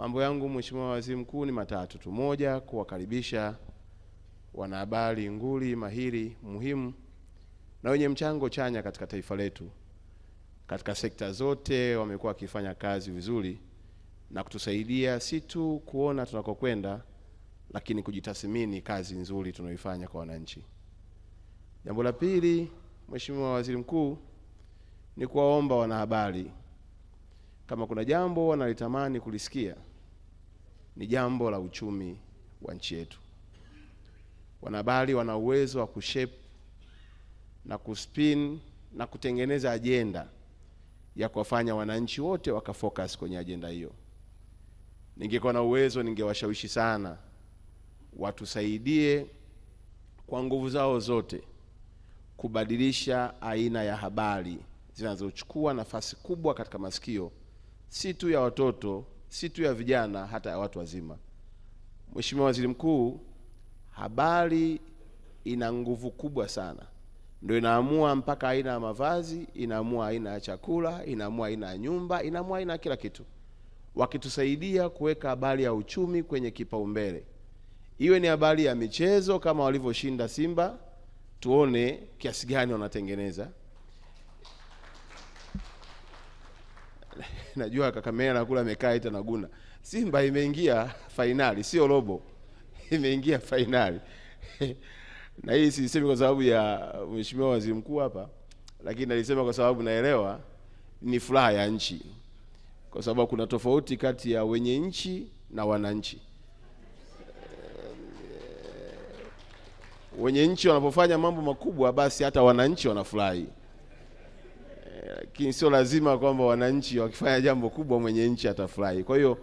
Mambo yangu Mheshimiwa Waziri Mkuu ni matatu tu. Moja, kuwakaribisha wanahabari nguli mahiri muhimu na wenye mchango chanya katika taifa letu. Katika sekta zote wamekuwa wakifanya kazi vizuri na kutusaidia si tu kuona tunakokwenda, lakini kujitathmini kazi nzuri tunaoifanya kwa wananchi. Jambo la pili, Mheshimiwa Waziri Mkuu, ni kuwaomba wanahabari kama kuna jambo wanalitamani kulisikia ni jambo la uchumi wa nchi yetu. Wanahabari wana uwezo wa kushape na kuspin na kutengeneza ajenda ya kuwafanya wananchi wote wakafocus kwenye ajenda hiyo. Ningekuwa na uwezo, ningewashawishi sana watusaidie kwa nguvu zao zote kubadilisha aina ya habari zinazochukua nafasi kubwa katika masikio si tu ya watoto si tu ya vijana, hata ya watu wazima. Mheshimiwa Waziri Mkuu, habari ina nguvu kubwa sana, ndio inaamua mpaka aina ya mavazi, inaamua aina ya chakula, inaamua aina ya nyumba, inaamua aina ya kila kitu. Wakitusaidia kuweka habari ya uchumi kwenye kipaumbele, iwe ni habari ya michezo, kama walivyoshinda Simba, tuone kiasi gani wanatengeneza najua Kakamega kule amekaa ita naguna. Simba imeingia fainali, sio robo, imeingia fainali na hii sisemi kwa sababu ya mheshimiwa waziri mkuu hapa, lakini nalisema kwa sababu naelewa ni furaha ya nchi, kwa sababu kuna tofauti kati ya wenye nchi na wananchi. Wenye nchi wanapofanya mambo makubwa, basi hata wananchi wanafurahi lakini sio lazima kwamba wananchi wakifanya jambo kubwa mwenye nchi atafurahi. Kwa hiyo,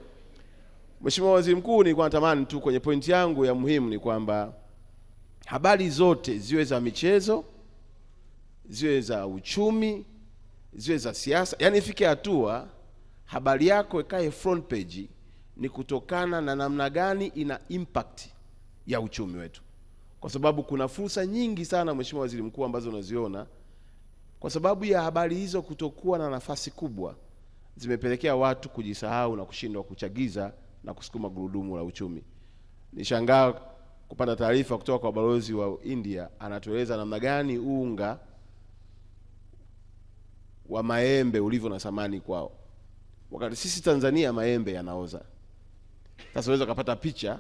Mheshimiwa Waziri Mkuu, nilikuwa natamani tu kwenye pointi yangu ya muhimu ni kwamba habari zote ziwe za michezo, ziwe za uchumi, ziwe za siasa, yaani ifike hatua habari yako ikae front page ni kutokana na namna gani ina impact ya uchumi wetu, kwa sababu kuna fursa nyingi sana Mheshimiwa Waziri Mkuu ambazo unaziona kwa sababu ya habari hizo kutokuwa na nafasi kubwa, zimepelekea watu kujisahau na kushindwa kuchagiza na kusukuma gurudumu la uchumi. Nishangaa kupata taarifa kutoka kwa balozi wa India, anatueleza namna gani unga wa maembe ulivyo na thamani kwao, wakati sisi Tanzania maembe yanaoza. Sasa unaweza kupata picha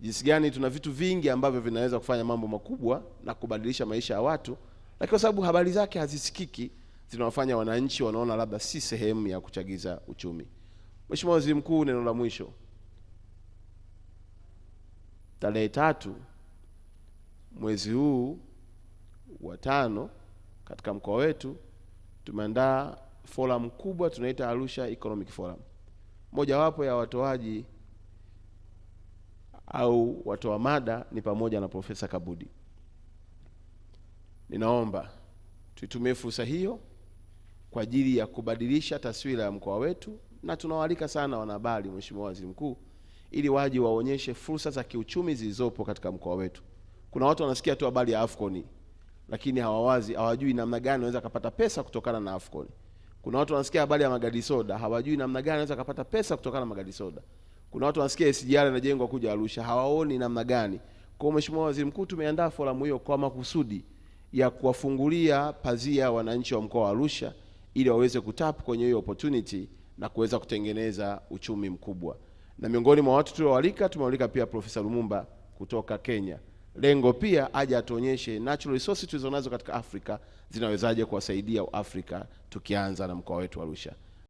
jinsi gani tuna vitu vingi ambavyo vinaweza kufanya mambo makubwa na kubadilisha maisha ya watu lakini kwa sababu habari zake hazisikiki, zinawafanya wananchi wanaona labda si sehemu ya kuchagiza uchumi. Mheshimiwa Waziri Mkuu, neno la mwisho. Tarehe tatu mwezi huu wa tano katika mkoa wetu tumeandaa forum kubwa tunaita Arusha Economic Forum, mojawapo ya watoaji au watoa mada ni pamoja na Profesa Kabudi. Ninaomba tuitumie fursa hiyo kwa ajili ya kubadilisha taswira ya mkoa wetu, na tunawaalika sana wanahabari, Mheshimiwa Waziri Mkuu, ili waje waonyeshe fursa za kiuchumi zilizopo katika mkoa wetu. Kuna watu wanasikia tu habari ya Afcon lakini hawawazi, hawajui namna gani wanaweza kupata pesa kutokana na Afcon. Kuna watu wanasikia habari ya magadi soda, hawajui namna gani wanaweza kupata pesa kutokana na magadi soda. Kuna watu wanasikia SGR inajengwa kuja Arusha, hawaoni namna gani. Kwa Mheshimiwa Waziri Mkuu, tumeandaa forum hiyo kwa makusudi ya kuwafungulia pazia wananchi wa mkoa wa Arusha ili waweze kutap kwenye hiyo opportunity na kuweza kutengeneza uchumi mkubwa. Na miongoni mwa watu tuliowalika, tumewalika pia Profesa Lumumba kutoka Kenya, lengo pia aje atuonyeshe natural resources tulizonazo katika Afrika zinawezaje kuwasaidia Afrika, tukianza na mkoa wetu Arusha.